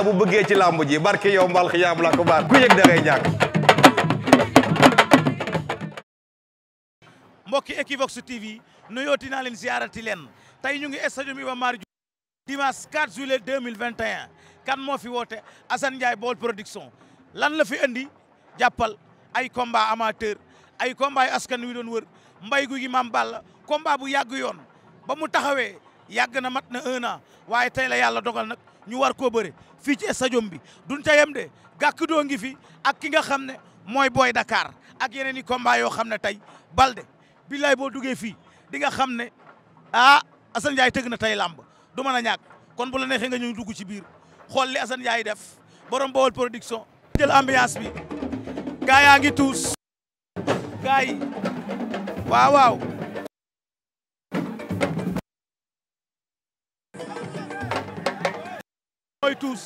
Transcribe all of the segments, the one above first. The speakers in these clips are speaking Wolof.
saa bu bëggee ci làmb ji barke yow mbal xiyaam la ko baat ku yëg da ngay ñàkk mbokki Equivox TV nuyooti naa leen leen tey ñu ngi stadium Iba Mar Diop dimanche 4 juillet 2021 kan moo fi woote Assane Ndiaye Production lan la fi andi jàppal ay combat amateur ay combat yu askan wi doon wër mbay gu gi maam bu yàgg yoon ba mu taxawee yàgg na mat na un an waaye tey la yàlla dogal nag ñu war koo bëre fii ci stadium bi duñ ta yem de gàkk doo ngi fi ak ki nga xam ne mooy booy dakaar ak yeneen i combat yoo xam ne tey Balde billaay boo duggee fii di nga xam ne a ah, Assane Ndiaye tëgg na tey làmb du mën a ñàkk kon bu la neexee nga ñëw dugg ci biir xool li Assane Ndiaye def borom Baol production. jël ambiance bi gaa yaa ngi tuus gaa yi waaw mooy tuus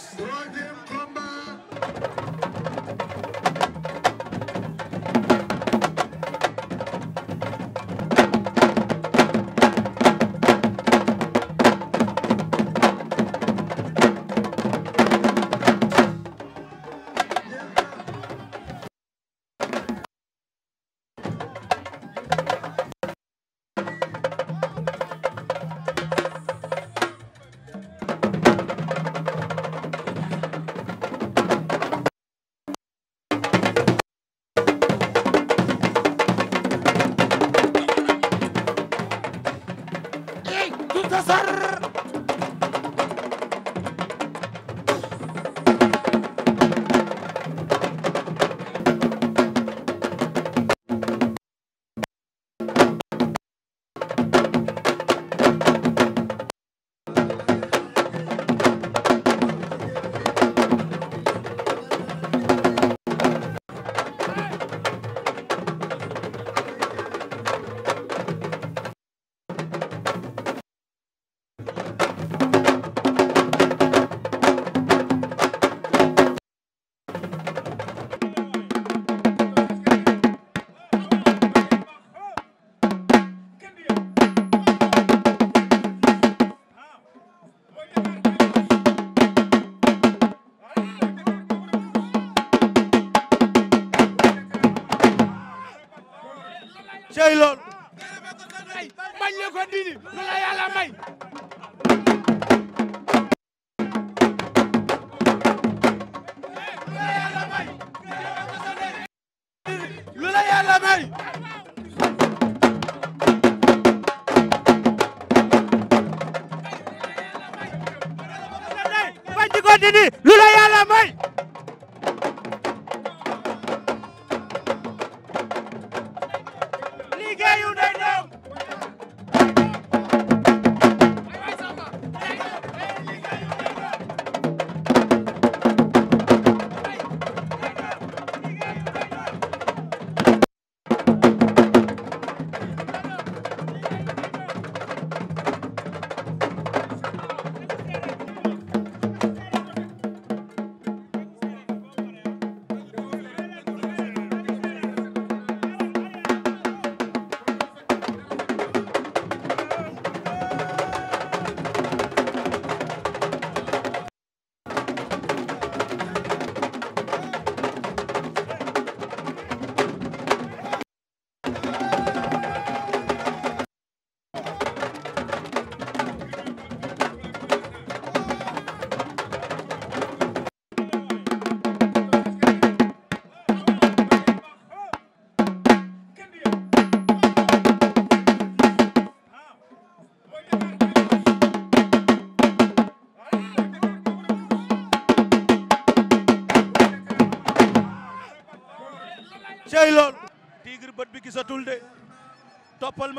tasar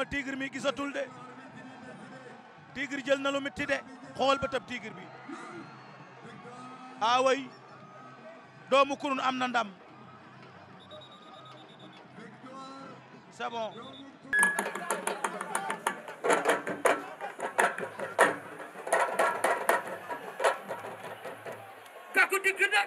na tigre mi gisatul de tigre jël na lu metti de xool ba tab tigre bi aaway ah doomu kurun am na ndam kaku digg na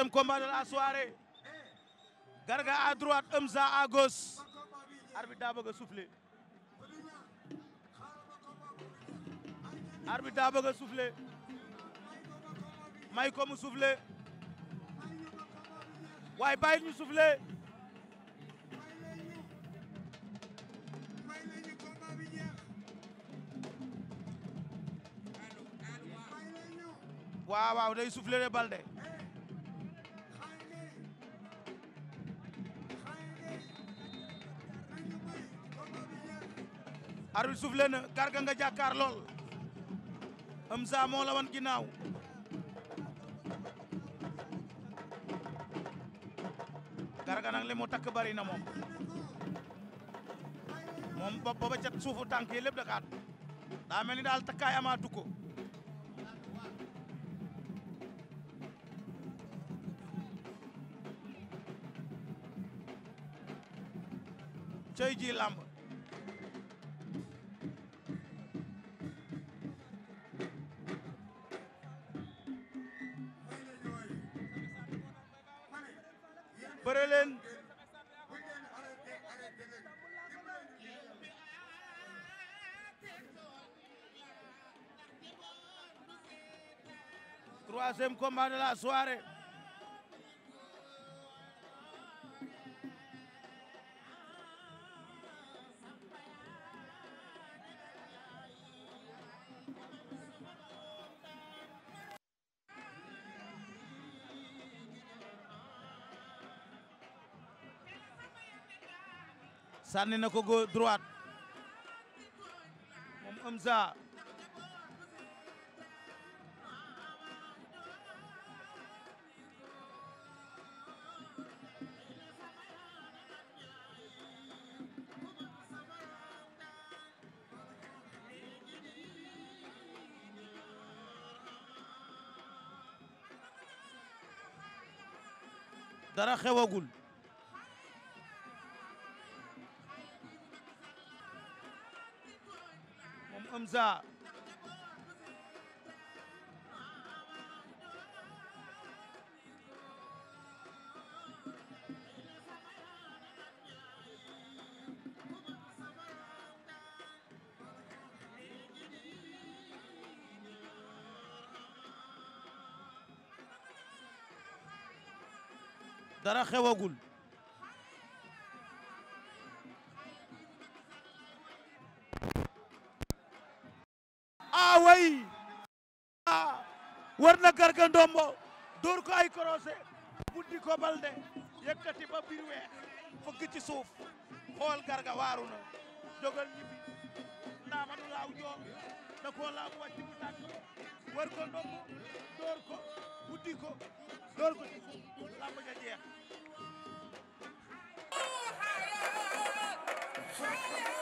troisième combat de la soirée Garga à droite Eumza à gauche arbitre daa bëgg a soufflé arbitre daa bëgg a soufflé may ko mu soufflé waaye bàyyi ñu soufflé waaw waaw day soufflé Balde soufflé na Garga nga jàkkaar lool Amza moo la wan ginnaaw Garga nag li mu takk bari na moom moom bopp ba cat suufu tànk yi lépp da kaat daa mel ni daal takkaay amaatu ko cey ji làmb combat de la soirée na ko go droite moom Amza dara xewagul moom Amza dara xewagul a way war na garga ndombo dóor ko ay korosé buddi ko balde yëkkati ba biir weex fëgg ci suuf xool garga waaru na jogal ñibbi ndaama du laaw joom da koo laaw wàcc mu tàkk war ko ndombo dóor ko buddi ko door ko làmb ja jeex oh,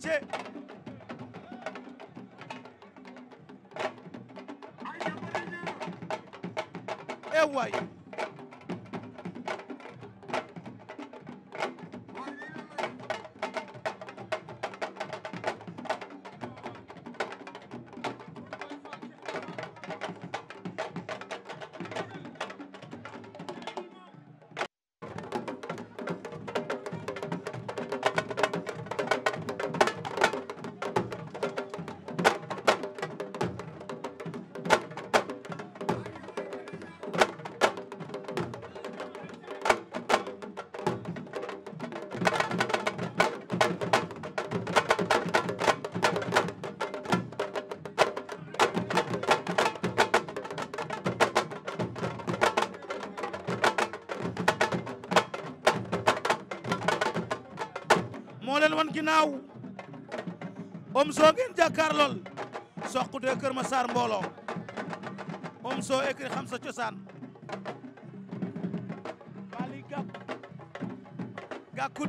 ce ginnaaw Omzo ngeen jàkkaarlool soqute Kër Massar mbooloo Omzo écrit xam sa cosaan Mali Gak Gakou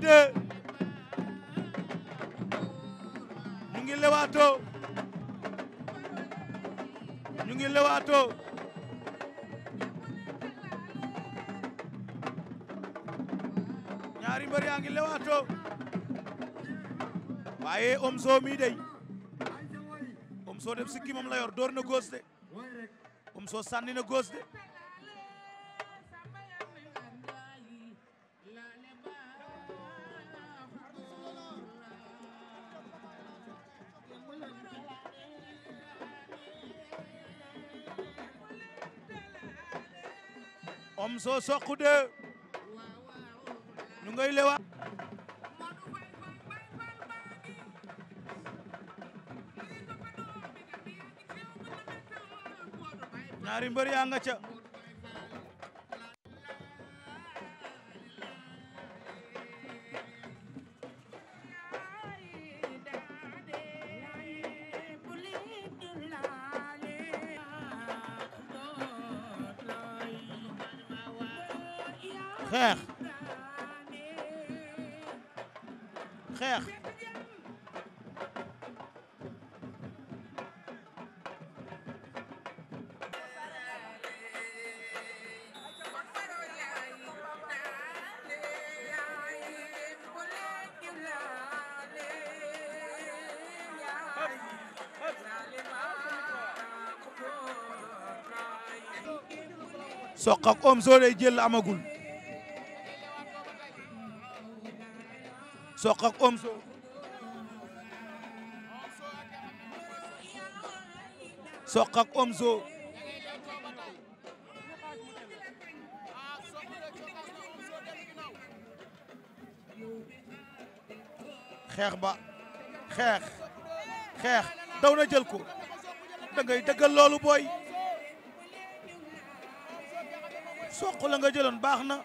ñu ngi lewaatoo ñu ngi lewaatoo ñaari mbër yaa ngi lewaatoo waaye Omzo mi dey Omzo dem sikki moom la yor door na góos de Omzo sànni na góos de Omzo soq de ñu lewa ñaari mbër yaa nga ca soq ak om soo jël amagul soq ak om soo soq ak xeex ba xeex xeex daw na jël ko da dëggal loolu booy yàqu nga jëloon baax na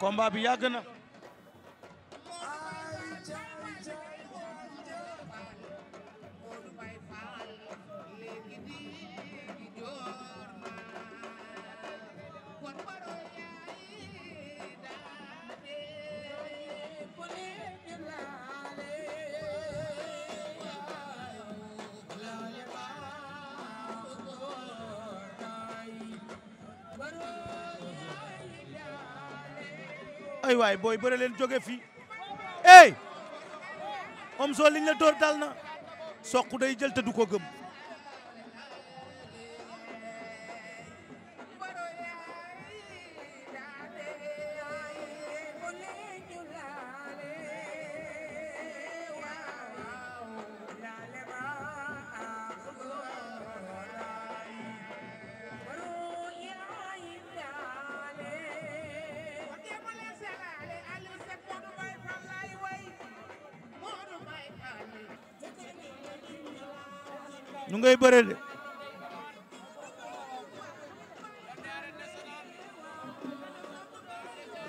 combat bi yàgg na ay waay booy bëre leen jóge fii ey Omzo liñ la dóor dal na soq day jël te du ko gëm ñu ngay bëre de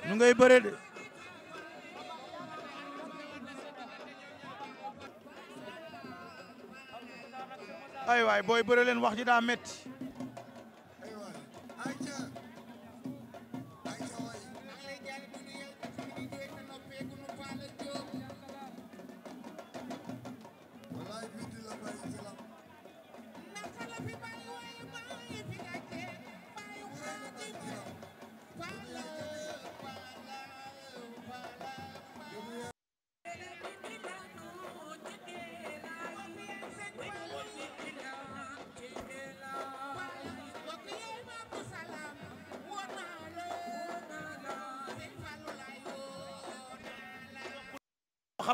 ñu ngay bëre de ay waay booy bëre leen wax ji daa metti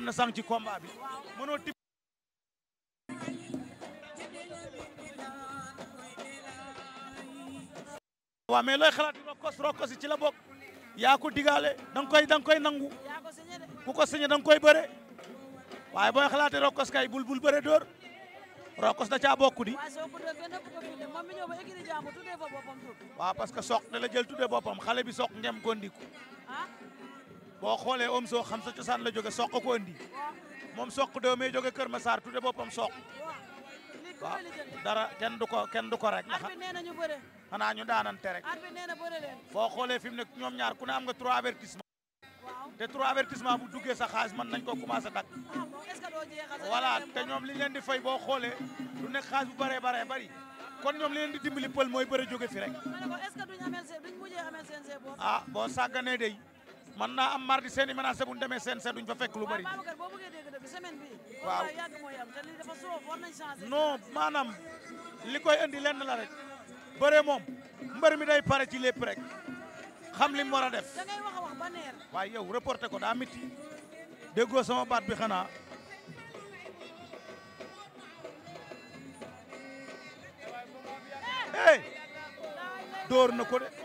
na sànq ci combat bi mënoo tip waaw mais looy xalaat rokkos rokkos yi ci la bokk yaa ko digaale da nga koy da koy nangu ku ko sañe dang koy bëre waaye booy xalaatee rokkos kay bul bul bëre dóor rokkos da caa bokk di waaw parce que soq ne la jël tuddee boppam xale bi soq ngem gondiku boo xoolee om soo xam sa cosaan la jóge soq ko andi moom soq doo may jóge Kër Massar tudde boppam soq waaw dara kenn du ko kenn du ko rek. arbi nee na ñu bëre. xanaa ñu daanante rek. arbi nee boo xoolee fi mu ne ñoom ñaar ku ne am nga trois avertissement. waaw te trois avertissement bu duggee sa xaalis mën nañ ko commencé ah, dagg. voilà te ñoom li leen di fay boo xoolee du nekk xaalis bu bëree baree bari kon ñoom li leen di dimbali pël mooy bëre jóge fi rek. ah boo sàgganee day. man naa am mardi seen i menace bu ñu demee seen seen duñ fa fekk lu bari. waaw non maanaam li koy indi lenn la rek bëre moom mbër mi day pare ci lépp rek xam li mu war a def. waaye yow reporté ko daa miti déggoo sama baat bi xanaa. Eh! hey door na ko de.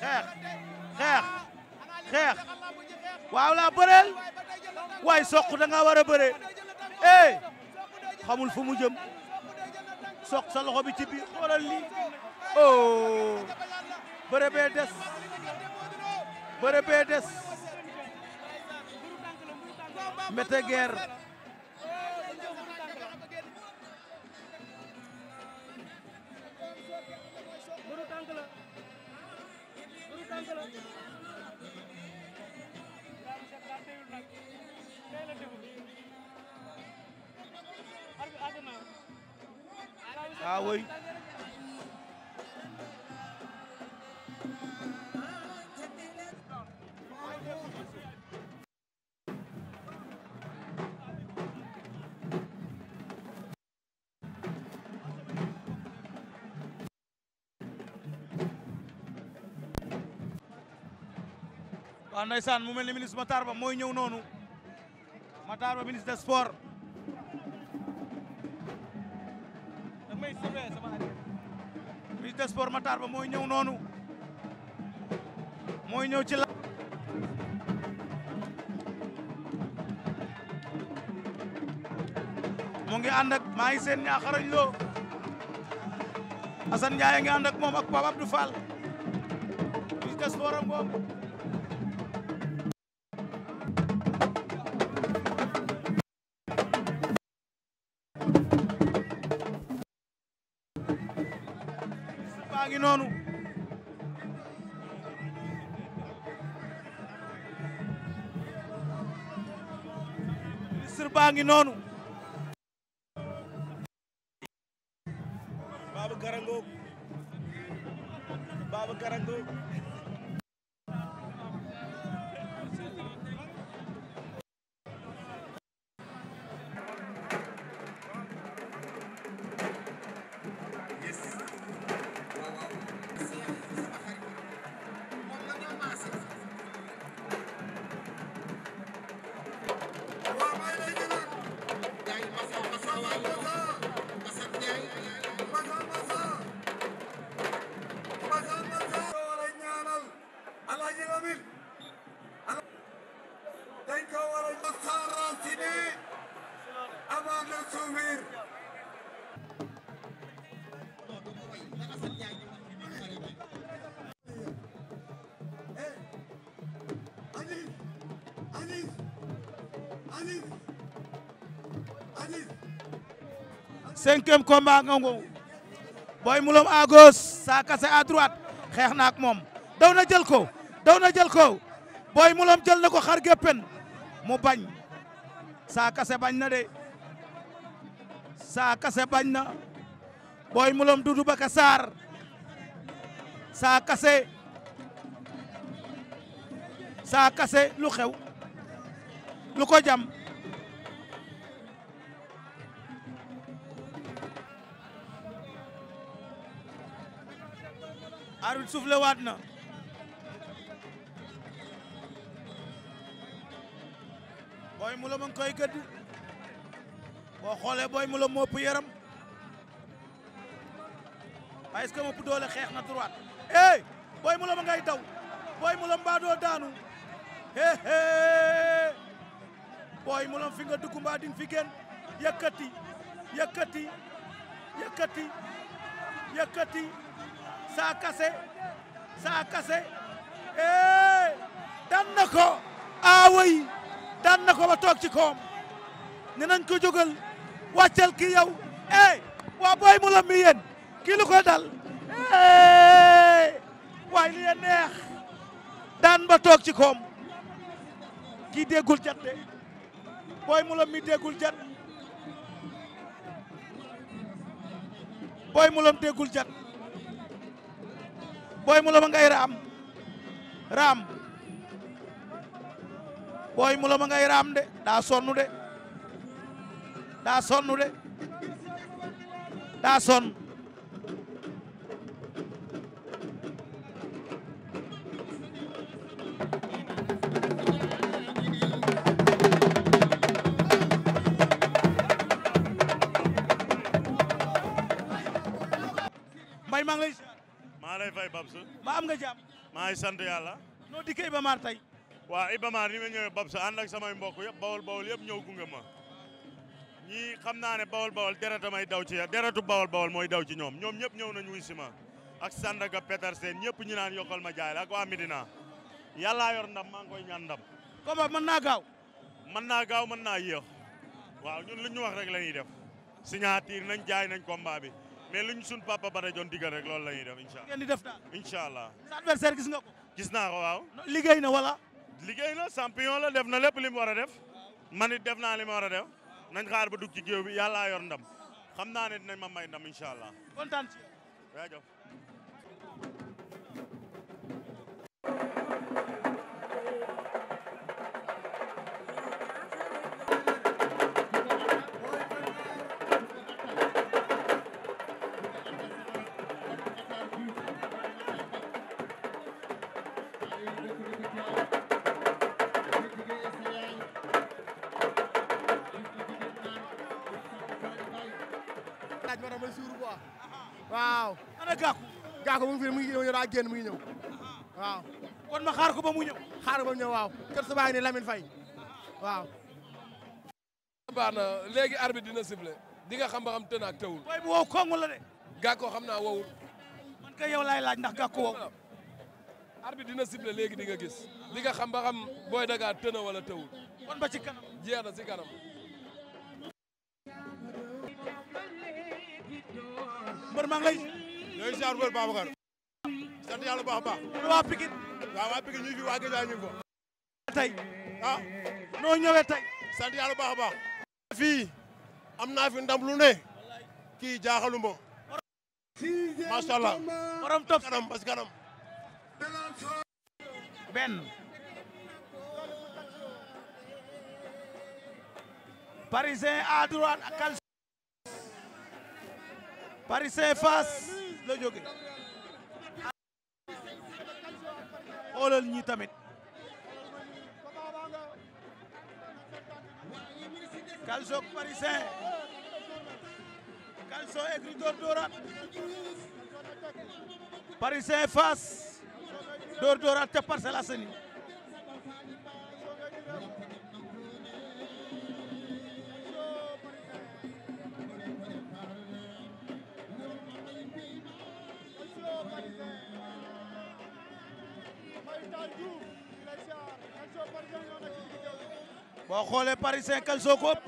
xeex xeex xeex waaw laa bëreel waay soq da war a bëree eh xamul fu mu jëm soq sa bi ci biir xoolal lii oh des bëre des mbete guerre awoy waaw ndeysaan mu mel ni ministre Matar Ba mooy ñëw noonu Matar Ba ministre des ministre des sports Matar Ba mooy ñëw noonu mooy ñëw ci la mu ngi ànd ak maa ngi seen ñaaxarañ loo Assane Ndiaye ngi ànd moom ak Pape Abdou Fall ministre des sports am ngi noonu wér. Eh, cinquième combat nga ngow Boy Mlom à gauche Sa droite xeex na moom daw na jël ko daw na jël ko Boy Mlom jël na ko xar géppen mu bañ Sa bañ na de saa kase bañ na booy mulom dudu ba ka saa kase saa kase lu xew lu ko jam arbitre soufflé waat na booy mulom a ngi koy boo xoolee booy mu la mopp yaram waaye est-ce que xeex na droite eh booy mu la ma ngay daw booy mu la mbaa doo daanu eh booy mu la fi nga dugg mbaa di nga fi génn yëkkati yëkkati yëkkati yëkkati saa kase saa kase eh daan na ko aawa yi daan na ko ba ci koom ne nañ ko wàccal kii yow eh waa booy mu la mi yéen kii lu eh, waay li neex daan ba toog ci koom kii déggul jat de booy mu la mi déggul booy mu ma ngay raam raam booy mu ma ngay raam de daa sonnu de daa sonn de daa sonn mbay maa ngi lay maa lay fay Babsa ba am nga jàmm maa ngi sant yàlla noo dikkee Iba Mar tey waaw Iba Mar ni ma ñëwee Babsa ànd samay mbokk yëpp bawol bawol yëpp ñëw gunge ñii xam naa ne bawol bawol deretamay daw ci deretu bawol bawol mooy daw ci ñoom ñoom ñëpp ñëw nañ wuy si ma ak Sandaga Petersen ñëpp ñi naan yokkal ma jaay la ak waa Medina yàllaa yor ndam maa ngi koy ñaan ndam. combat mën naa gaaw. mën naa gaaw mën naa yéex waaw ñun lu ñu wax rek la ñuy def signature nañ jaay nañ combat bi mais luñ suñ papa ba doon digal rek loolu la ñuy def incha allah. ngeen def daal allah. sa adversaire gis naa ko waaw. liggéey na wala. liggéey na champion la def na lépp lim mu war a def. man it def naa li ma war a def. nañ xaar ba dugg ci géew bi yàllaa yor ndam xam naa ne dinañ ma may ndam incha allah. kontaan ci. waaw. ana Gakou. Gakou mu ngi fi mu ngi ñëw mu ngi ñëw waaw. kon ma xaar ko ba mu ñëw. xaar ko ba mu ñëw waaw kër su baa ngi nii Lamine waaw. baax na léegi arbitre dina sible di nga xam ba xam tën ak tawul. booy bu wow koŋŋ la de. Gakou xam naa wowul. man kay yow laay laaj ndax Gakou wow. arbitre dina sifflé léegi di nga gis di nga xam ba xam booy daga tëna wala tawul. kon ba ci kanam jeex na si kanam. mbër maa lay. ñooy ziar wër Babacar. sant yàlla bu baax a baax. waa Pikine. waaw waa Pikine ñu fi waa Géja ñu ngi ko. tey. ah noo ñëwee a baax. fii am naa fi kii jaaxalu ma. macha allah. borom topp kanam parce que kanam. benn. Paris saint la jóge xoolal ñi tamit Calcio parisien Calcio door doorat Paris saint door doorat ca Parcelles Assainies boo xoolee parisien Calcio ko ëpp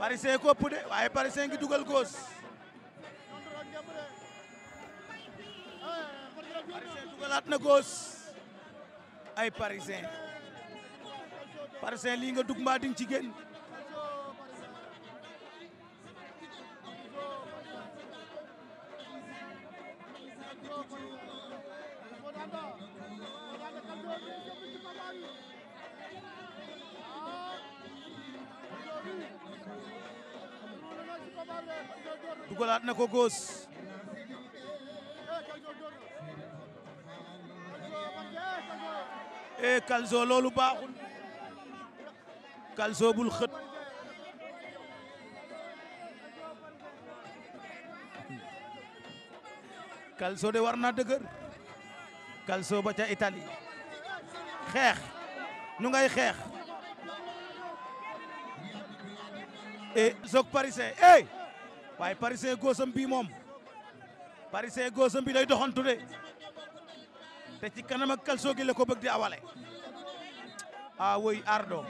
parisien ko de waaye parisien ngi dugal góos parisien dugalaat na ay parisien parisien lii nga dug mbaa ding ci génn dugalaat na ko góos e eh, Calcio loolu baaxul Calcio bul xët Calcio de war na dëgër kaliso ba ca Italie xeex ñu ngay xeex e zog parisien ey eh! waaye parisien góosam bi moom parisien góosam bi day doxantu de te ci kanam ak kalso la ko bëgg di awale a ah, woy ardo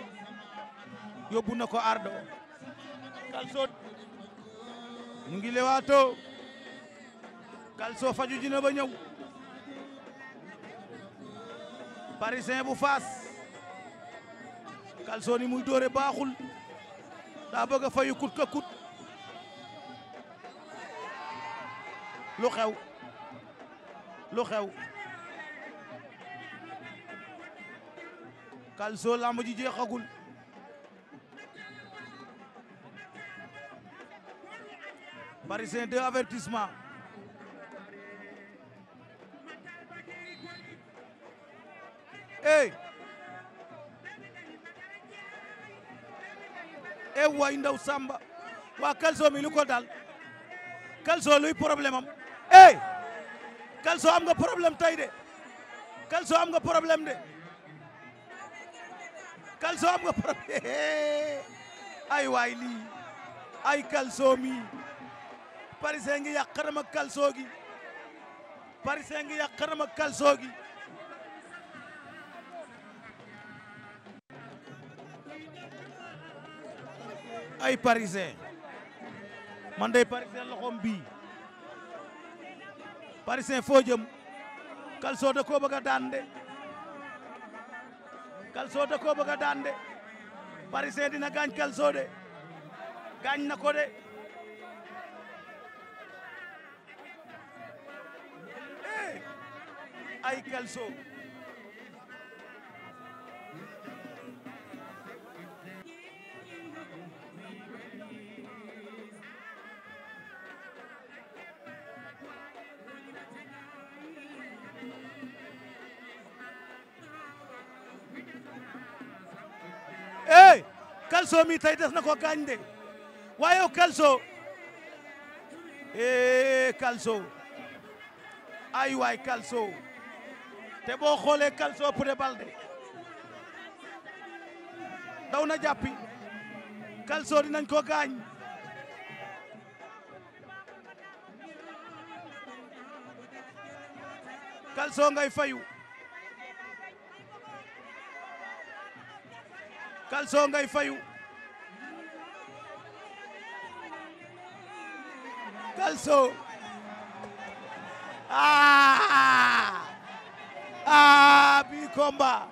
yóbbu na ko ardo kalso mu ngi lewaato kalso faju dina ba ñëw parisien bu faas kalso ni muy dóore baaxul daa bëgg a fayu kut lu xew lu xew Calcio lamb ji jeexagul Parisien deux avertissement hey e ndaw Samba waa Calcio mi lu ko dal Calcio luy problème am eh Calcio am problème tay de Calcio am nga problème de Calcio am nga problème ay waay lii ay Calcio mi Parisien ngi yàq xaram ak Calcio gi Parisien ngi yàq xaram gi ay parisien man day parisien loxoom bii parisen foo jëm Calcio da koo bëgg a daan de Calcio da koo bëgg a daan de parisien dina gaañ Calcio de gaañ na ko de eh! ay Calcio Calcio mi tay des na ko gaañ de waaye yow Calcio eh ay waay Calcio te boo xoolee Calcio pour de Baldé daw na jàppi Calcio dinañ ko gaañ Calcio ngay fayu Calcio ngay fayu Calcio. Ah! Ah, bi combat.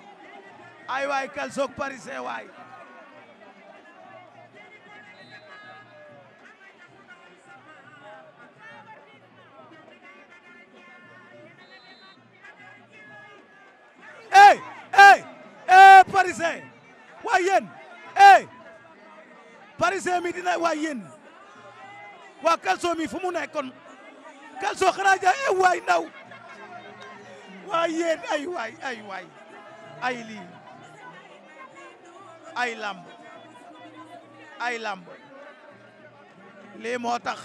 Ay waay Calcio ak Paris mi dina waay yéen. waa Kalso fu mu nekkoon Kalso xanaa ja e eh, ndaw waay yéen ay waay ay waay ay lamb ay lamb lii moo tax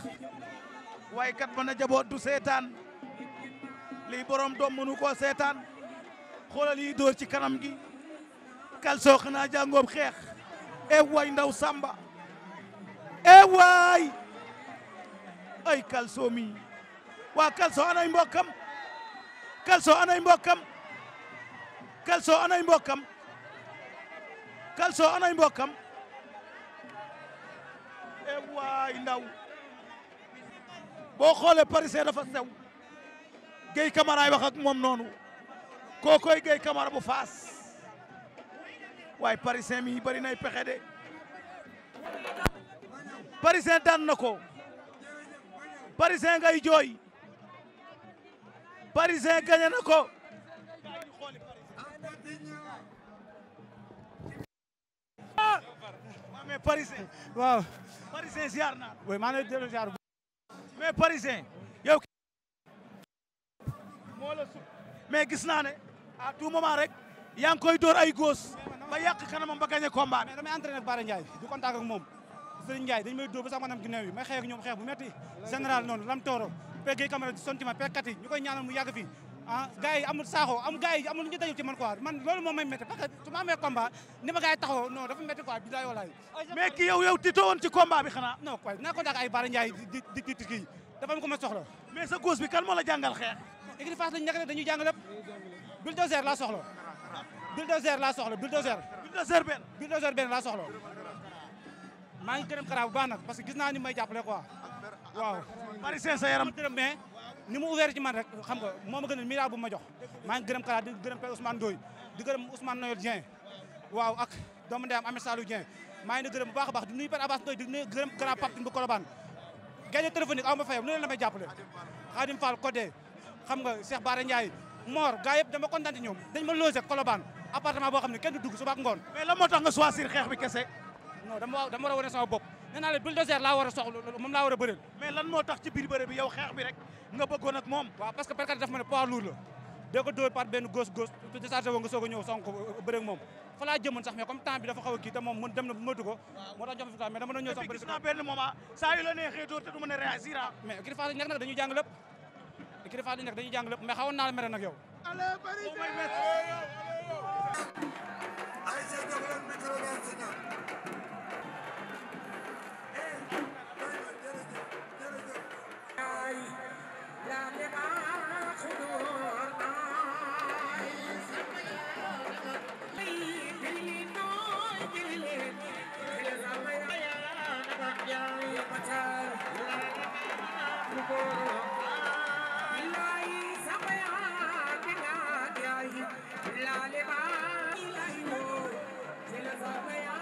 waaye kat mën a jaboot du seetaan lii borom doom mënu koo seetaan xoolal yi dóor ci kanam gi Kalso xanaa jàngoob xeex e ndaw Samba e ay Kalso mi waa Kalso anay mbokkam Kalso anay mbokkam Kalso anay mbokkam Kalso anay mbokkam e waay ndaw boo xoolee Parisien dafa sew Gueye Camara ay wax ak noonu kookoy Gueye Camara bu faas waaye Parisien mi bari nay pexe de Parisien daan ko parisien ngay jooy parisien gagné na ko ah, mais parisien waaw parisien ziar naa oui maa ngi lay delloo ziar mais parisien yow moo la su mais gis naa ne tout moment rek yaa ngi koy door ay góos ba yàq kanamam ba gagné combat mais damay entraîné ak Bara Ndiaye du contact ak sëriñ Ndiaye dañu may dóor ba sax maanaam ginnaaw yi may xeex ak ñoom xeex noonu lam tooro peggey caméra sontima pegkat ñu koy ñaanal mu yàgg fii ah gars yi amul saaxoo am gars yi amul lu ñu dajul ci man quoi man loolu moom may métti parce que su ma amee combat ni dafa métti quoi bilaay walaay mais ki yow yow tiitoo woon ci combat bi xanaa non quoi naa ko daak ay Bara Ndiaye di di di kii dafa am ko ma soxla mais sa góos bi kan moo la maa ngi gërëm Kara bu baax nag parce que gis naa ni may jàppale quoi waaw. parisien sa yaram gërëm mais ni mu ouvert ci rek xam nga moo ma gën a mira ma jox maa ngi gërëm Kara di gërëm Père Ousmane Ndoye di gërëm Ousmane Noël Dieng waaw ak doomu ndeyam Ahmed Salou Dieng maa ngi gërëm bu baax a baax di nuyu Père Abbas Ndoye di nuyu gërëm Kara Pape bu Colobane gagné téléphonique aw ma fayam lu leen la may jàppale Khadim Fall Codé ma logé Colobane boo xam ne kenn du dugg suba ak ngoon nga choisir xeex bi kese non dama waaw dama war a wane sama bopp nee naa leen bulldozer laa war a soxla moom laa war a bëreel mais lan moo tax ci biir bëre bi xeex bi rek nga bëggoon ak moom waaw parce que perkat daf ma ne poids lourd la doo ko par benn gauche gauche te déchargé woo nga soog ñëw song ko bëre moom fa laa jëmoon sax mais comme temps bi dafa xaw a kii te moom mën dem sax yu la neexee dóor te du mën a mais kilifa yi nag nag dañuy jàng lépp kilifa mais xawoon naa Lale ba, ilahi ho, zila zabaya.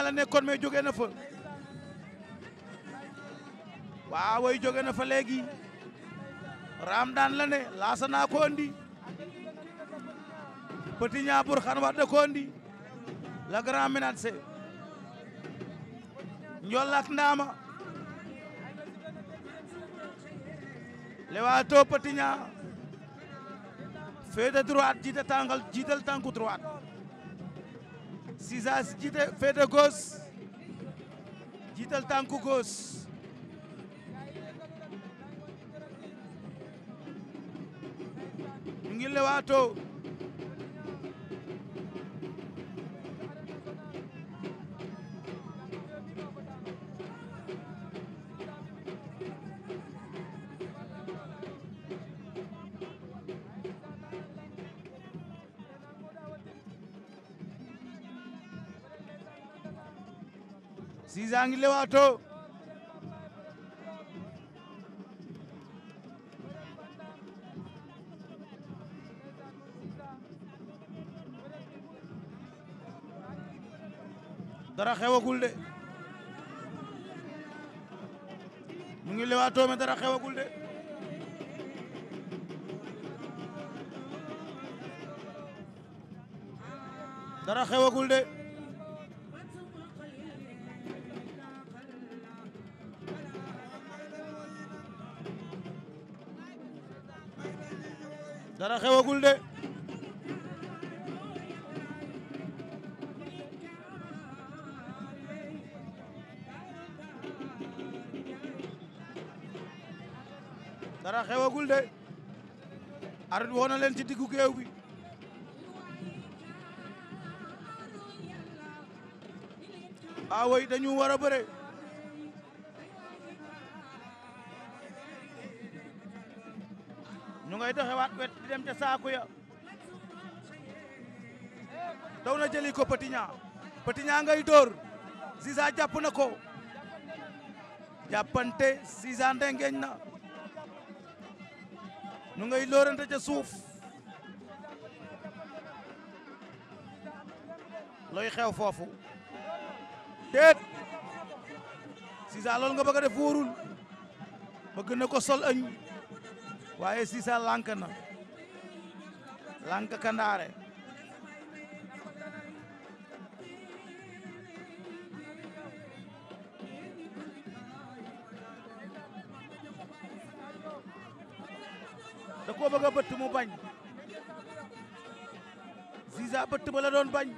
Médina la nekkoon mais jóge na fa waaw way jóge na fa léegi Ramdan la ne laasana ko andi Petit Niabour xan la grand menacé Ndiol ak Ndama Leewtoo Petit Niang feu de droite jiital tàngal Lizaas jiital tànku gauche ñu ngi yaa ngi lewaato dara xewagul de mu ngi lewaato me dara xewagul de dara xewagul de arbitre woon leen ci diggu géew bi awoy ah dañu war a bare ñu ngay doxewaat wet di dem ca saaku ya daw na jëli ko Petit Niang Petit Niang ngay dóor Ziza jàpp na ko jàppante Ziza ndengeñ na nu ngay lóorante ca suuf looy xew foofu déet Sisa nga bëgg a def bëgg na ko sol añ waaye Sisa lànk na lànk kandaare bañ Ziza doon bañ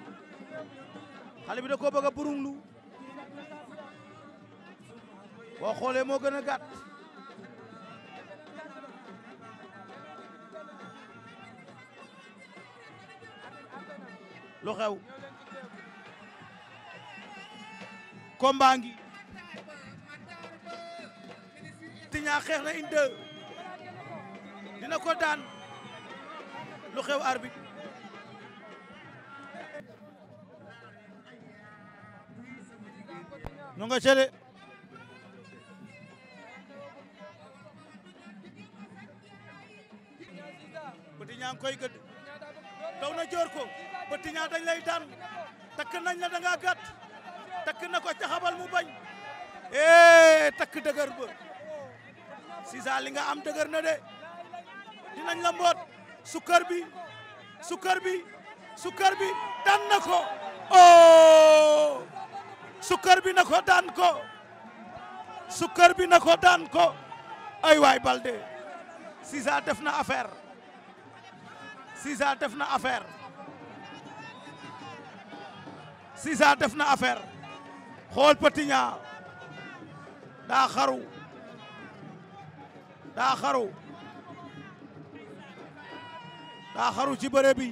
xale bi da koo bëgg a burunglu xoolee moo gën a gàtt lu xew combat ngi tiñaa xeex na une dina ko daan lu xew arbitre nu nga cele Petit Niang koy gëdd daw na joor ko Petit Niang dañ lay daan takk nañ la da nga takk na ko caxabal mu bañ eh takk dëgër ba Ziza li nga am dëgër na de dinañ la mboot sukar bi sukar bi sukar bi daan na ko oh sukar bi na ko daan ko sukar bi na ko daan ko ay waay Balde Sisa def na affaire Sisa def na affaire Sisa def na affaire xool Petit daa xaru daa xaru daa xaru ci bëre bi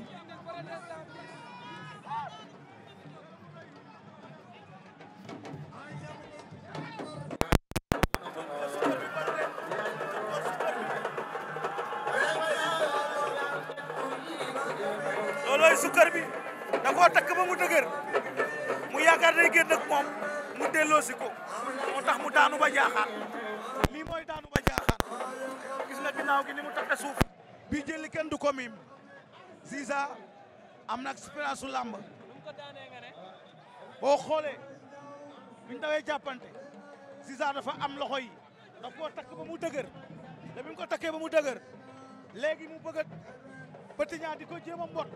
looloy sukkar bi da koo takk ba mu dëgër mu yaakaar day génn moom mu delloosi ko moo tax mu daanu ba jaaxaan lii mooy daanu ba jaaxaan gis nga ginnaaw ni mu takk suuf bi jëli kenn du ko miim Ziza am na expérience su làmb boo xoolee bu ñu dawee jàppante Ziza dafa am loxo yi daf koo takk ba mu dëgër te bi ko takkee ba mu dëgër léegi mu bëgg a Petit di ko jéem a mbot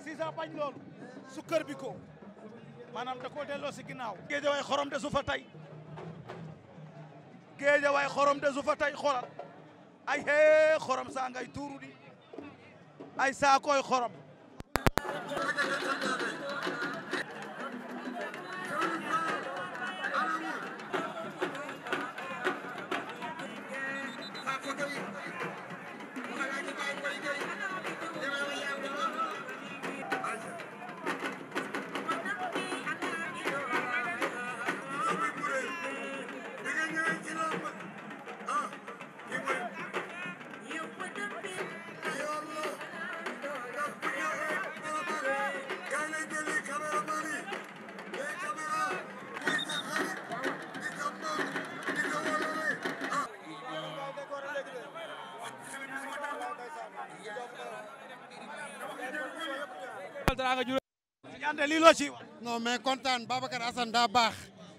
Ziza bañ loolu su kër bi ko maanaam da koo delloo si ginnaaw. Géejawaay xorom de su fa tey Géejawaay xorom de su fa tey xoolal ay hee xorom saa ngay tuuru di. ay saakooy xorom teraanga juré ante lii loo ci non mais kontaan Babacar Assane daa baax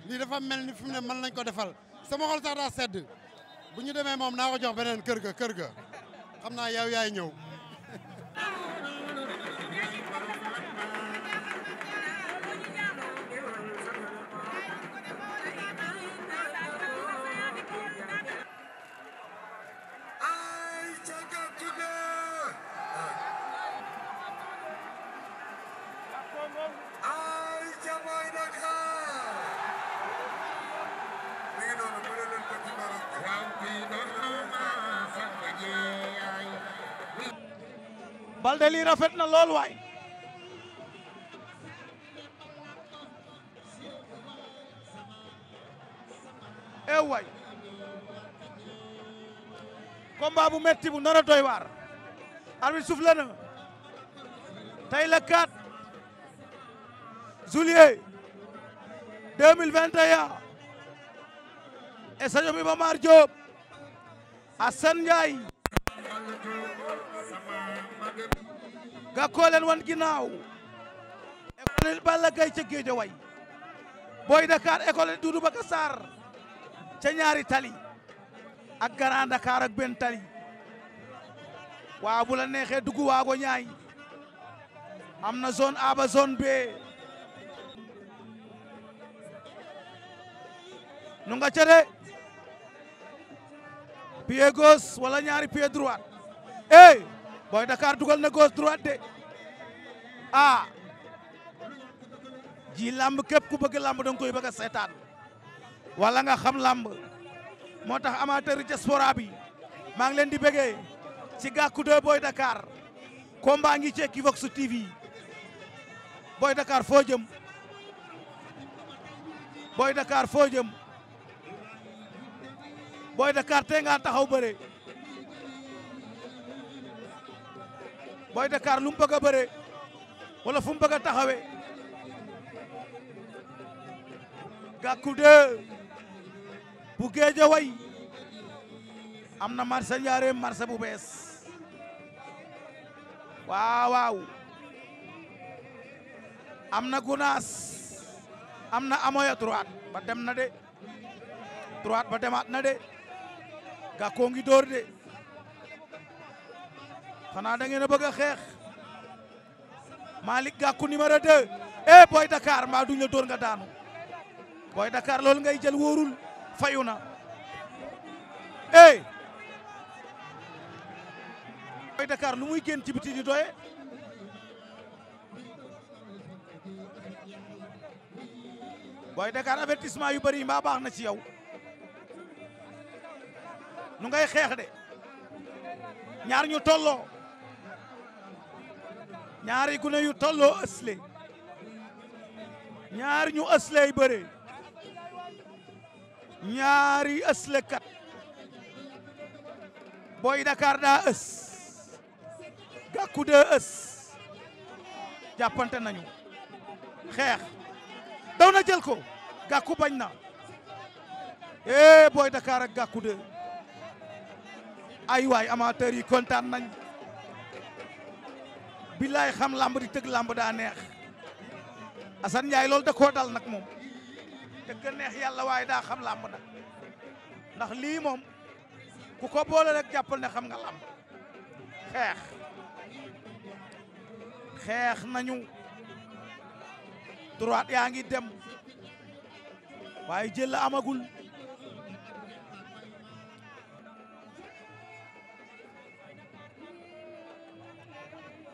lii dafa mel ni fi ne mën nañ ko defal sama xol sax daa sedd bu ñu demee moom naa ko jox beneen kër ga kër ga xam naa yow yaay ñëw de lii rafet na lool waay ew waay combat bu metti bu nara doy waar arbitre soufflé na tey la 4 juillet 2021 stade Iba Mar Diop Assane Ndiaye gàkkoo leen wan ginnaaw école Balla Gaye ca Guédiawaye Boy Dakar école Doudou Baka Sarr ca ñaari tali ak Grand Dakar ak tali waa bu la neexee dugg waago ñaay am na zone A ba zone B nga ca de pied gauche wala ñaari pied droit eh Boy Dakar dugal na gauche droite de ah ji làmb képp ku bëgg làmb danga koy bëgg a seetaan wala nga xam làmb moo tax amateur ci bi maa ngi leen di bëggee ci Gackou 2 Boy Dakar combat ngi ci Equivox TV Boy Dakar foo jëm Boy Dakar foo jëm Boy Dakar tey nga taxaw bëre Boy Dakar lu mu bëgg a fum wala a taxawe Gàkku de bu way am na marché ñaare marché bu bees waaw waaw am na gunaas am na amoya droite ba dem na de droite ba demaat na de Gàkkoo ngi de xanaa da ngeen a bëgg a xeex Malick Gakou numéro 2 eh Boy Dakar mbaa duñ la nga daanu Boy Dakar loolu ngay jël fayu na eh. lu muy génn ci biti di doye Boy Dakar avertissement yu bëri yi mbaa baax na ci yow nu ngay xeex de ñaar ñu tolloo ñaari gune yu tolloo ësle ñaari ñu ësley bëre ñaari ësle kat Boy Dakar daa ës Gàkku daa ës jàppante nañu xeex daw na jël ko Gàkku bañ na eh Boy Dakar ak Gàkku de ay waay amateur yi kontaan nañ billaay xam lamb di tëgg lamb daa neex Assane Ndiaye loolu da koo dal nag moom tëgg neex yàlla waaye daa xam lamb nag ndax lii moom ku ko boole rek jàppal ne xam nga lamb xeex xeex nañu droite yaa ngi dem waaye jël la amagul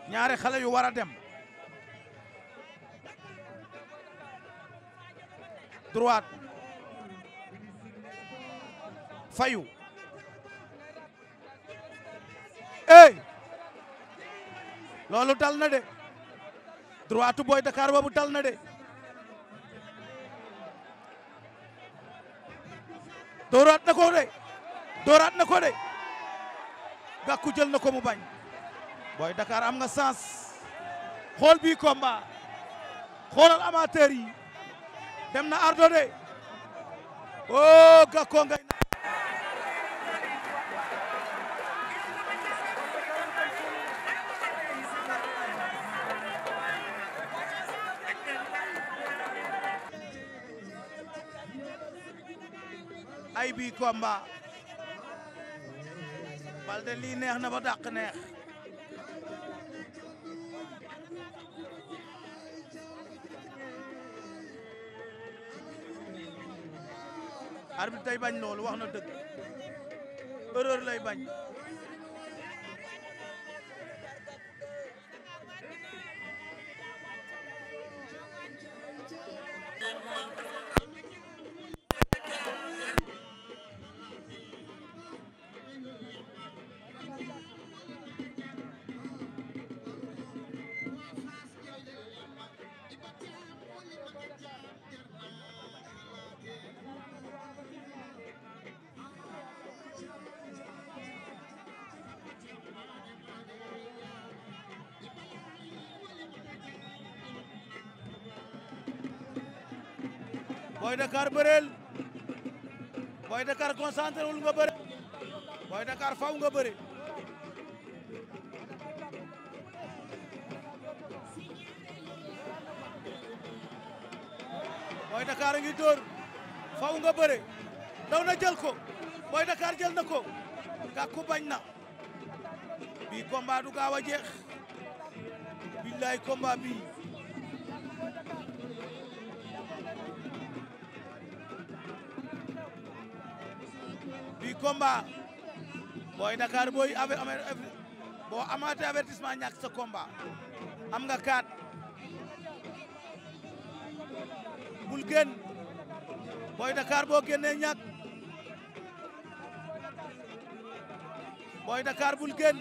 ñaari xale yu war a dem droite fayu ey loolu dal na de droite booy Dakar boobu dal na de dooraat na ko de dooraat na ko de gàkku jël na ko mu bañ Boy Dakar am nga sens xool bii komba xoolal amateur yi dem na ardo de oh Gakko ngay na ay bii combat Baldé lii neex na ba dàq neex arbitre tey bañ loolu wax na dëgg erreur lay bañ Boy Dakar bëreel Boy Dakar concentré wul nga bëre faw nga bëre Boy Dakar a ngi nga bëre daw na jël ko Boy Dakar jël na ko Gàkku bañ na bii combat du gaaw a jeex billaay combat bii combat booy Dakar booy ave boo amaatee avertissement ñàkk sa komba am nga kaat bul génn booy Dakar boo génnee ñàkk booy Dakar bul génn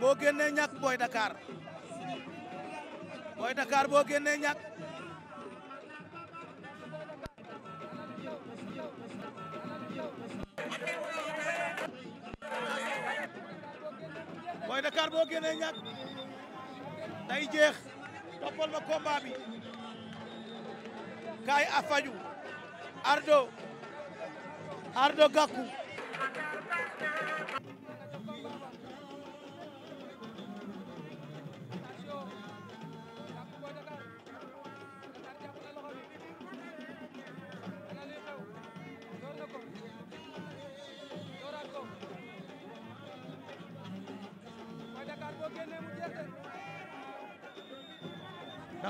boo génnee booy Dakar booy Dakar boo génnee ñàkk Boy Dakar boo génnee ñàkk day jeex toppal ma combat bi a faju Ardo Ardo Gakou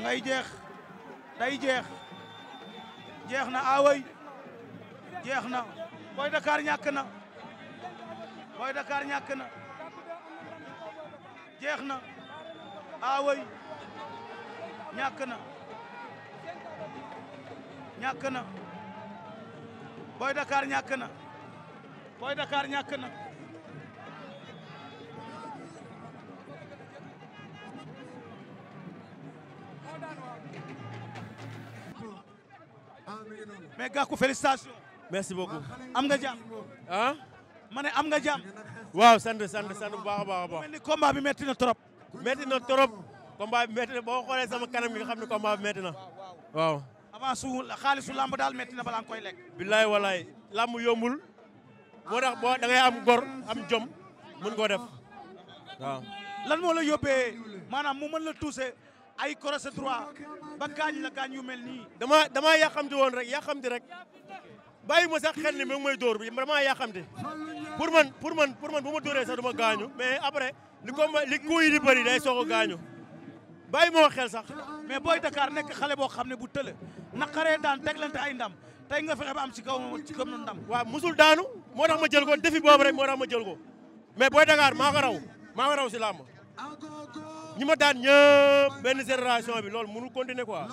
ngay jeex day jeex jeex na away jeex na Boy Dakar ñàkk na Boy Dakar ñàkk na jeex na away ñàkk na ñàkk na Boy Dakar ñàkk na Boy Dakar ñàkk na mais Gakou félicitations. merci beaucoup. am nga jàmm. ah. ma ne am nga jàmm. waaw sant sant sant bu baax a baax a baax. mel ni combat bi métti na trop. métti na trop. combat bi métti na boo xoolee sama kanam gi nga xam ne combat bi métti na waaw. avant su xaalisu lamb daal métti na balaa nga koy lekk. billaay walaay lamb yombul. moo tax boo da ngay am gor am jom mën koo def waaw. lan la yóbbee maanaam mu mën la touché. ay crochet droit ba gaañ la gaañ yu mel nii. damaa damaa yàqamti woon rek yàqamti rek bàyyi ma sax xel ni moom mooy dóor bi damaa yàqamti pour man pour man pour man bu ma dóoree sax du ma gaañu mais après li ko li kuu yi di bëri day soog a gaañu bàyyi moo xel sax. mais booy Dakar nekk xale boo xam ne bu le naqaree daan teglante ay ndam tey nga fexe ba am ci kaw ci kaw na ndam. waa musul daanu moo tax ma jël ko defi boobu rek moo tax ma jël ko mais booy Dakar maa ko raw maa ko raw si ñi ma daan ñëpp benn génération bi loolu mënu continuer quoi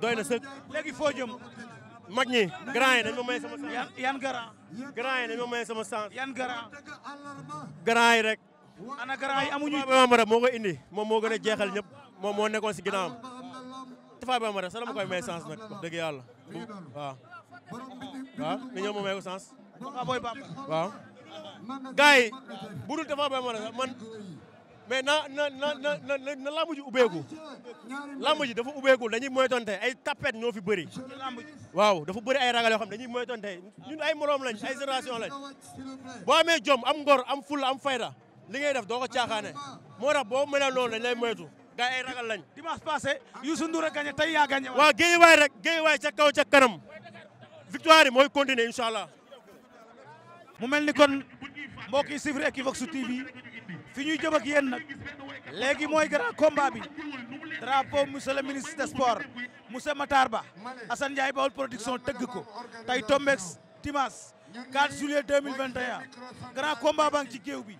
doy na sëg. léegi foo jëm. mag ñi grand yi dañ ma may sama sens. yan yan grand. grand yi dañ ma may sama sens. yan yi rek. ana grand yi amuñu. moo ko indi moom moo gën a jeexal ñëpp moom moo nekkoon si ginnaawam. Tafa Bambara sax dama koy may sens nag dëgg yàlla. waaw. waaw ñoom ma may ko sens. waaw. gars yi budul Tafa Bambara sax man. mais na na na na na na lamb ji ubbeeku lamb ji dafa ubbeekul dañuy moytonte ay tapet ñoo fi bëri. waaw dafa bëri ay ragal yoo xam dañuy moytonte ñun ay moroom lañ ay génération lañ boo amee jom am ngor am fulla am fayda li ngay def doo ko moo tax boo mënee loolu dañ lay moytu gars yi ay ragal lañ. dimanche passé Youssou Ndour a gagné tey yaa gagné. waaw Guédiawaye rek Guédiawaye ca kaw ca kanam victoire yi mooy continuer incha allah. mu mel ni kon mbokk yi suivre Equivox TV. fi ñuy jëm ak yéen nag léegi mooy grand combat bi drapeau monsieur le ministre des sports monsieur Matar Ba Assane Ndiaye Baol production tëgg ko tey tombeek dimanche 4 juillet 2021 grand combat baa ngi ci géew bi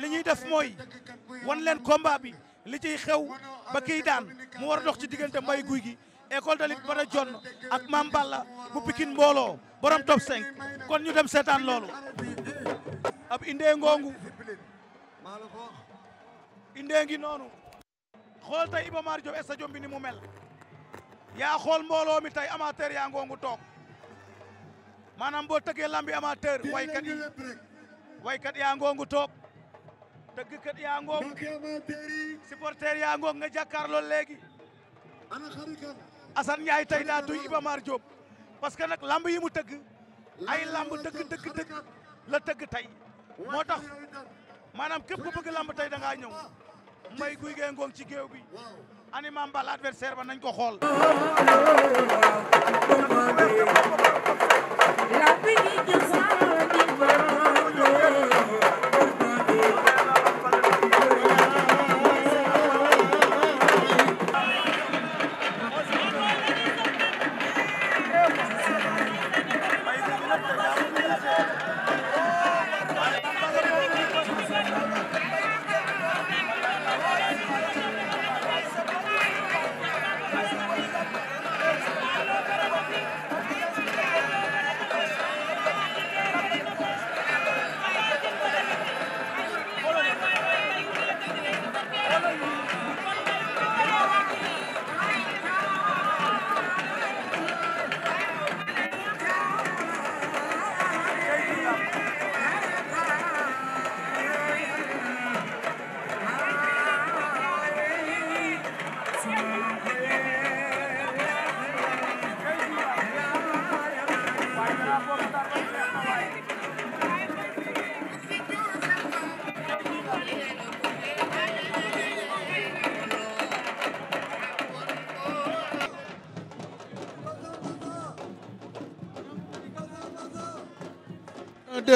li ñuy def mooy wan leen combat bi li ciy xew ba kiy daan mu war a dox ci diggante mbay guy gi école de lutte Bada Dione ak Mame Balla bu Pikine mbooloo borom top 5 kon ñu dem seetaan loolu ab indee ngongu maa la ko noonu xool tey Iba Mar Diop stade bi ni mu mel yaa xool mbooloo mi tey amateur yaa ngoongu toog maanaam boo tëggee lambi amateur waykat yi waykat yaa ngoongu toog tëggkat yaa ngoongu supporter yaa ngoong nga jàkkaarloo léegi Assane Ndiaye tey daa duy Iba Mar Diop parce que nag lamb yi mu tëgg ay lamb tëgg tëgg la tëgg tey moo tax maanaam képp ku bëgg lamb tey da ngaa ñëw mbay guy gee ngoog ci géew bi anima mbal adversaire ba nañ ko xool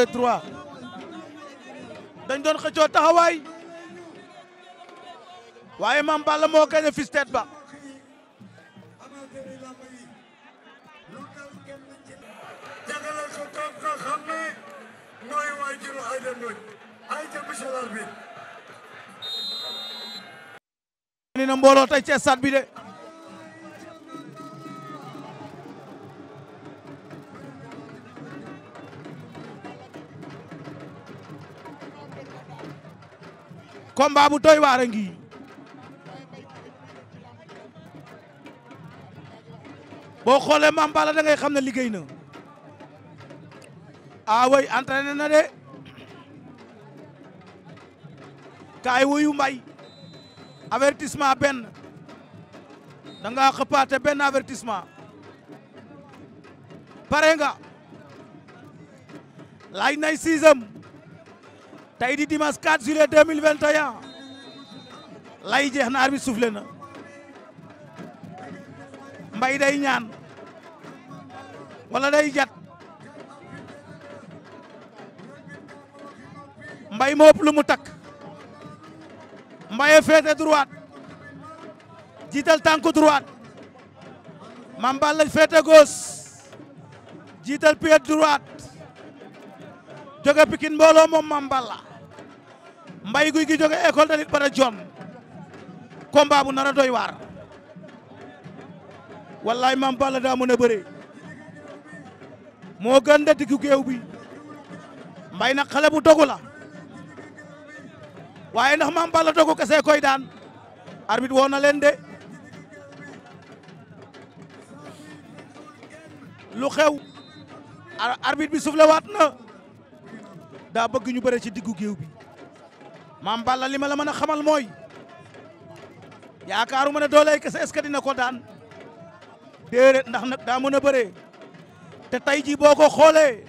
2 dañ doon xëccoo taxawaay waaye Mame Balla moo gañe Fils Tête Ba ni na mbooloo tey ci stade bi de combat bu doy waar a boo xoolee Mame Balla da ngay xam ne liggéey na ah way entraîné na de kaay wuyu mbay avertissement benn danga nga benn avertissement pare nga laaj nay siisam tey di dimanche 4 juillet 2021 lay jeex na arbitre soufflé mbay day ñaan wala day jat mbay moo ëpp lu mu takk mbaye féete droite jiital tànku droite Mame Balla féete gauche jiital pied droite jóge Pikine mbooloo moom Mame Balla mbay guy gi jóge école de lutte ba jon combat bu nar a doy waar wallaay maam Balla daa mën a bëree moo gën da diggu géew bi mbay nag xale bu dogu la waaye ndax maam Balla dogu kese koy daan arbitre woo na leen de lu xew arbitre bi soufflé waat na daa bëgg ñu bëre ci diggu géew bi maam Balla li ma la mën a xamal mooy yaakaaruma ne doole kese est-ce que dina ko daan déedéet ndax nag daa mën a bëree te tey jii boo ko xoolee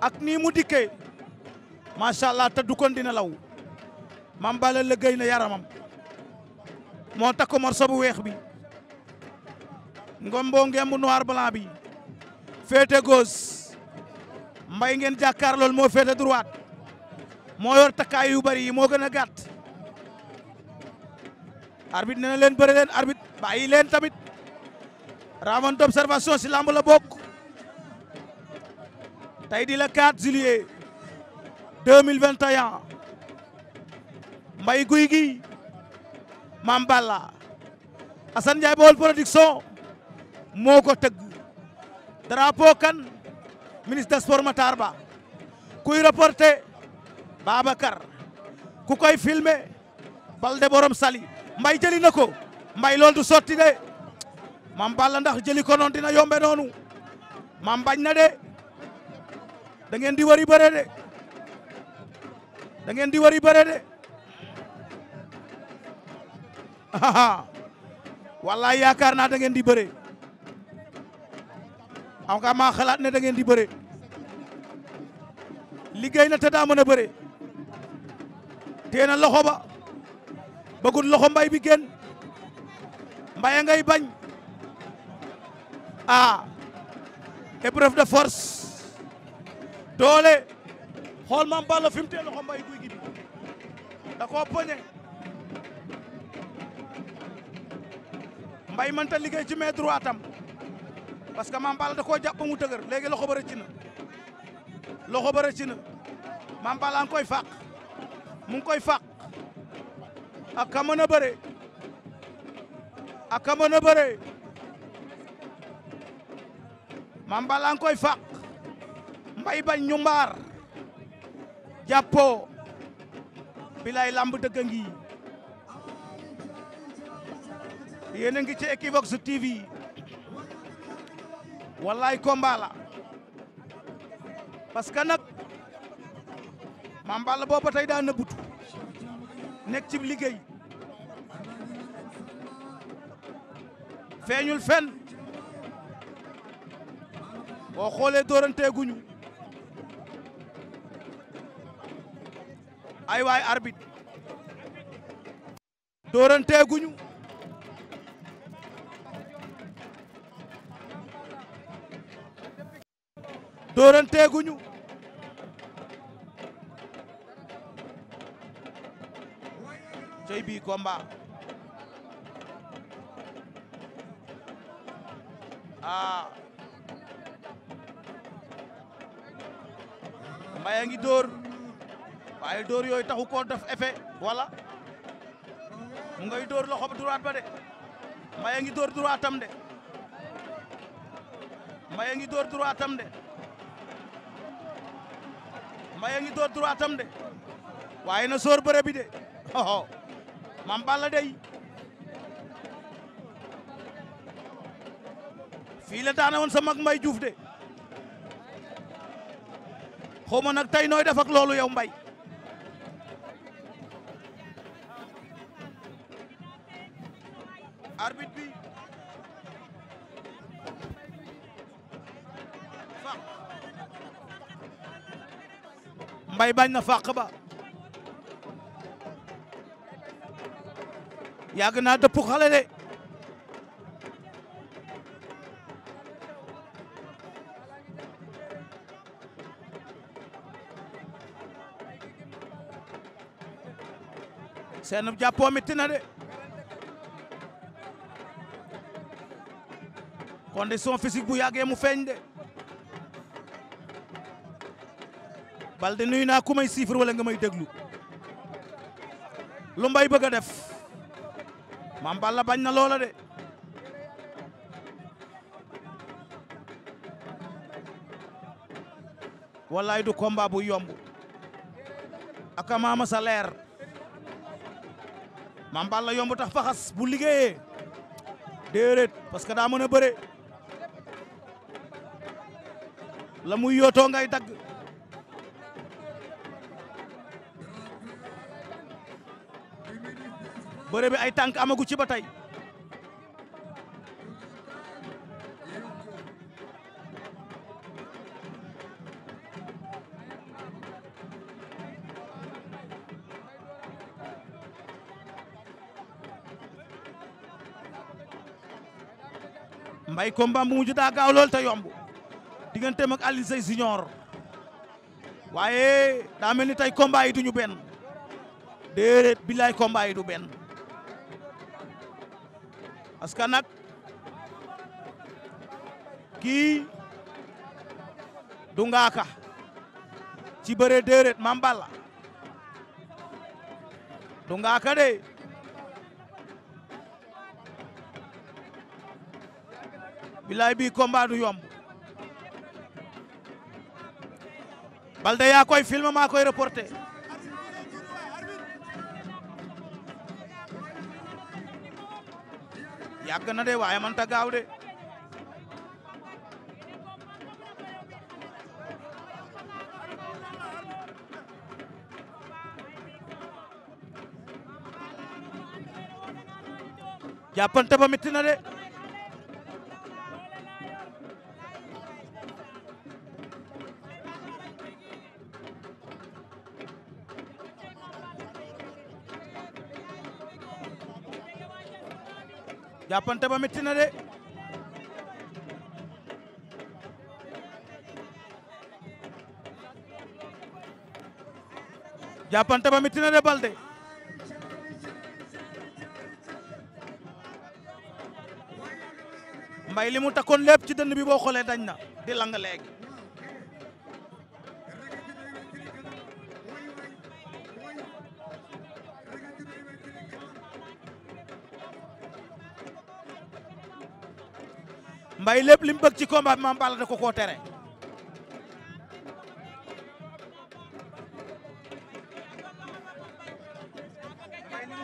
ak nii mu dikkee macha allah te du kon dina law maam Balla liggéey na yaramam moo takk morso bu weex bi ngom boo ngemb noir blanc bi féete gauche mbay ngeen jàkkaar lool moo féete droite moo yor takkaay yu bari yi moo gën a gàtt arbitre na leen bëri leen arbitre bàyyi leen tamit round d'observation si lamb la bokk tey di la 4 juillet 2021 mbay guy gi Mame Balla Assane Ndiaye Baol production moo ko tëgg drapeau kan ministre des sports Matar Ba kuy reporter Babacar ku koy filmer Balde Sali mbay jëli ko mbay loolu du sotti de mam Balla ndax jëli ko noonu dina yombe noonu mam bañ na de dangeen di wari bëre de da di wari bëre de wallaay yaakaar naa dangeen di bëre xam nga maa xalaat ne da di bëre liggéey na te daa mën a bëre tee loxo ba bëggul loxo mbay bi génn mbay ngay bañ ah épreuve de force doole xool maam Balla fi mu tee loxo mbay guy gi da poñe mbay mënta liggéey ci main droite am parce que maam Balla da koo jàpp ba mu loxo ba rëcc loxo ba rëcc na maam koy fàq mu koy faq a ka mën a bëre ak ka mën a bëre Mame ngi koy faq mbay bañ ñu mbaar jàppoo bilay lamb dëgg a ngi yéen a ngi ci Equivox TV wallaay Mame Balla booba tey daa nëbbutu nekk ci liggéey feeñul fenn boo xoolee dóoranteeguñu ay waay arbitre dóoranteeguñu dóoranteeguñu tey bii combat ah Mbaye ngi dóor waaye dóor yooyu taxu koo def effet wala mu ngay door loxo ba droite ba de Mbaye ngi dóor droite am de Mbaye a ngi dóor droite am de Mbaye ngi dóor droite am de waaye na sóor bëre de Mame Balla day fii la daane woon sa mag de xaw nag tey nooy def loolu yow mbay arbitre bi faq Mbaye bañ na faq ba yàgg naa dëpp xale de seenub jàppoo mi tina de condition physique bu yàggee mu feeñ de Baldé nuyu naa ku may siifir wala nga may déglu lu mbay bëgg a def Mame Balla bañ na loola de wallaay du combat bu yomb aka maama sa leer Mame Balla yomb tax faxas bu liggéeye déedéet parce que daa mën a bëre la mu yootoo ngay dagg bëre bi ay tànk amagu ci ba tey mbay combat bu mujj daa gaaw lool te yomb digganteem ak Alioune Seye Junior waaye daa mel ni tey combat duñu benn déedéet billaay combat yi du benn parce que nag kii du ngaaka ci bëre déeret du ngaaka de bilaay bi combat du yomb Balde yaa koy filmé maa koy reporté yàgg na de waaye man ta gaaw ba metti na de jàppante ba métti na de jàppante ba métti na de mbay li mu takkoon lépp ci dënn bi boo xoolee dañ na di lang léegi mbay lépp li mu bëgg ci combat bi Mame Balla da ko koo tere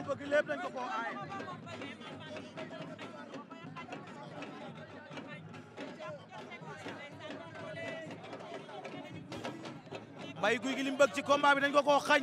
mbay li ko koo aaye mbay ci combat bi dañ ko koo xañ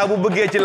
ginnaaw bu bëggee ci